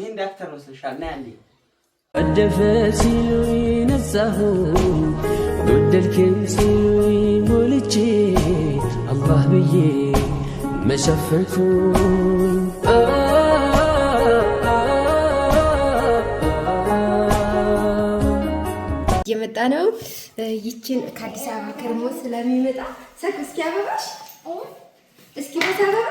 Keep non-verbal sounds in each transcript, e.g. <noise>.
ይህ መስልሻል። ና ወደፈ ሲሉ ነጻሁ ጎደልክም ሲሉ ሞልቼ አላህ ብዬ እየመጣ ነው። ይችን ከአዲስ አበባ ከርሞ ስለሚመጣ ሰክ እስኪ አበባሽ እስኪ ቦታ አበባ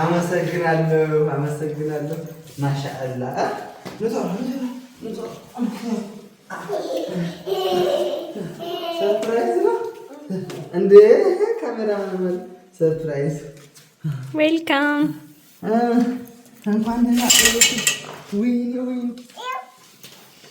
አመሰግናለሁ፣ አመሰግናለሁ። ማሻአላ ሰርፕራይዝ ነው እንዴ? ካሜራ ሰርፕራይዝ። ዌልካም እንኳን ደህና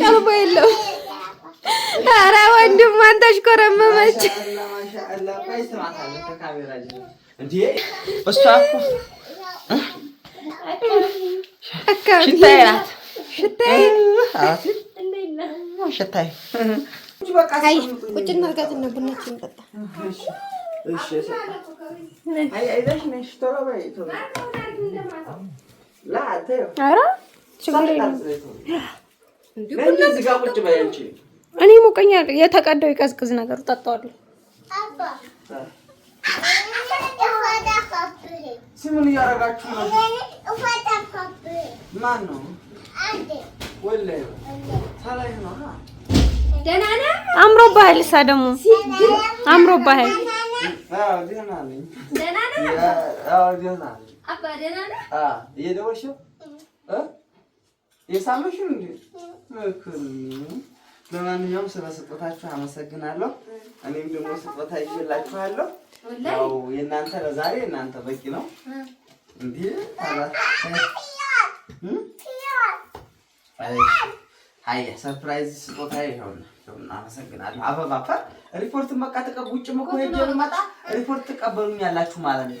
ቀልቦ የለው። ኧረ ወንድም አንተ አሽኮረመመች። ቁጭ እናድርጋትና ቡናችን እንጠጣ። እኔ ሞቀኛል። የተቀደው ይቀዝቅዝ ነገሩ ጠጣዋለሁ። ስምን እያደረጋችሁ ነው? ማን ነው? አምሮ ባህል ሳ ደግሞ አምሮ ባህል አባ ደህና ነህ? አዎ እየደወልሽ እ የሳመሽ እንዴ? ለማንኛውም ስለ ስጦታችሁ አመሰግናለሁ። እኔም ደግሞ ስጦታ ይዤላችኋለሁ። ያው የእናንተ ለዛሬ እናንተ በቂ ነው። እንዴ ሰርፕራይዝ ስጦታ ይሆን አመሰግናለሁ። አበባ ሪፖርት በቃ ተቀብ ውጭ መቆየት ይመጣ ሪፖርት ትቀበሉኛላችሁ ማለት ነው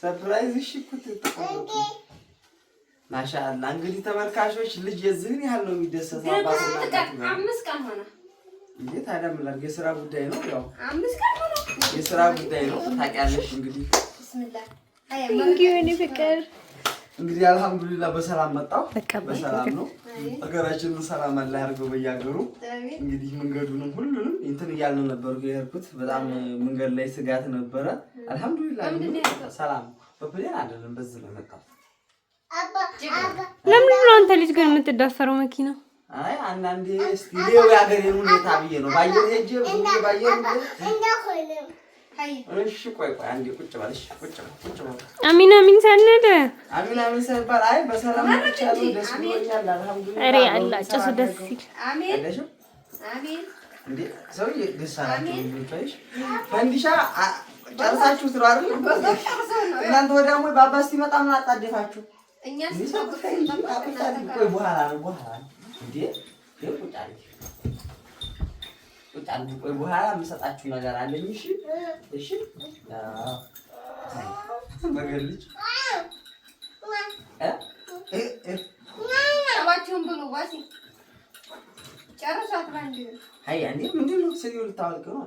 ሰርፕራይዝ። እሺ ማሻአላ። እንግዲህ ተመልካቾች ልጅ የዚህን ያህል ነው የሚደሰተው። አምስት ቀን ሆነ። እንዴት ታዲያ ምን ላድርግ? የስራ ጉዳይ ነው፣ ያው አምስት ቀን ሆነ። የስራ ጉዳይ ነው ታውቂያለሽ። እንግዲህ ቢስሚላህ ፍቅር እንግዲህ አልሐምዱሊላህ በሰላም መጣው። በሰላም ነው። ሀገራችንን ሰላም አለ ያድርገው በያገሩ። እንግዲህ መንገዱንም ሁሉንም እንትን እያልን ነበር የሄድኩት። በጣም መንገድ ላይ ስጋት ነበረ። አልሐምዱሊላህ ሰላም አይደለም ለምንድን ነው አንተ ልጅ ግን የምትዳፈረው መኪና? አይ አንዳንዴ እስኪ ሌው የሀገሬን ሁኔታ ብዬ ነው ባየር ሄጄ ባየር እሺ ቆይ ቆይ አንዴ ቁጭ በል። እሺ ቁጭ በል ቁጭ በል። አሚን አሚን ሰነደ አሚን አሚን ሰነባል። አይ በሰላም ብቻለሁ ደስ ብሎኛል። አልሐምዱሊላህ። ኧረ ያላ ጭሱ ደስ ሲል አሚን አሚን። እንዴ ሰውዬ ደስ ፈንዲሻ ጨርሳችሁት ነው አይደል? እናንተ ወዲያ ሞ በአባስ ሲመጣ ምን አጣደፋችሁ? በኋላ ቆይ በኋላ የምሰጣችሁ ነገር አለኝ። እሺ እሺ። ነገር ልጅ ሰባችሁን ብሉ ምንድን ነው ስኒ ልታወልቅ ነው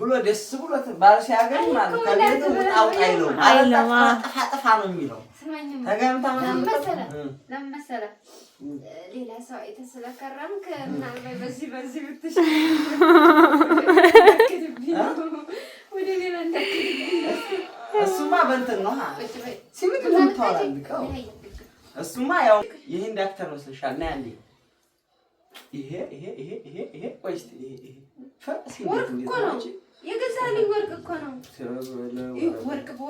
ብሎ ደስ ብሎት ባል ሲያገኝ ማለት ከቤት ውጣ ውጣ አይለው ማለት ጥፋ ጥፋ ነው የሚለው። ተገምታ ምናምን ለምን መሰለህ ሌላ ሰው የተስለከረምክ ምናልባት በዚህ በዚህ ብትሽ <laughs> ወደ ሌላ እሱማ በእንትን ነው ሲምት ለምታወራ እሱማ ያው ይህ እንዳክተር መስልሻል ና ያንዴ ይሄ ይሄ ይሄ ይሄ ይሄ ቆይ እስኪ ይሄ ይሄ ወርቅ እኮ ነው የገዛልኝ፣ ወርቅ እኮ ነው።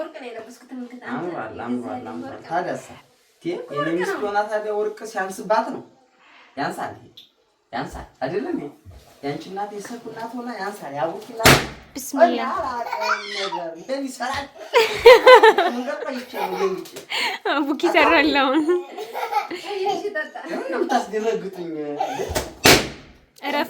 ወርቅ ነው የለበስኩት። ምንክታ አምሯል አምሯል አምሯል። ሚስት ሆና ታዲያ ወርቅ ሲያንስባት ነው ያንሳል፣ ያንሳል አይደለም? ያንቺ እናት የሰርጉ እናት ሆና ያንሳል። ያቡኪና ቡኪ ሰራለውን ታስደረግጡኝ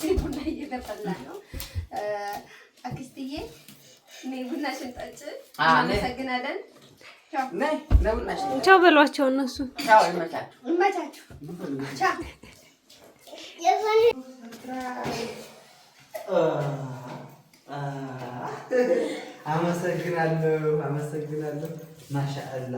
እዚህ ቡና እየተፈላ ነው። አክስትዬ ነይ ቡና ሽንጣጭ። እናመሰግናለን። ቻው በሏቸው እነሱ ይመቻችሁ። አመሰግናለሁ፣ አመሰግናለሁ። ማሻአላ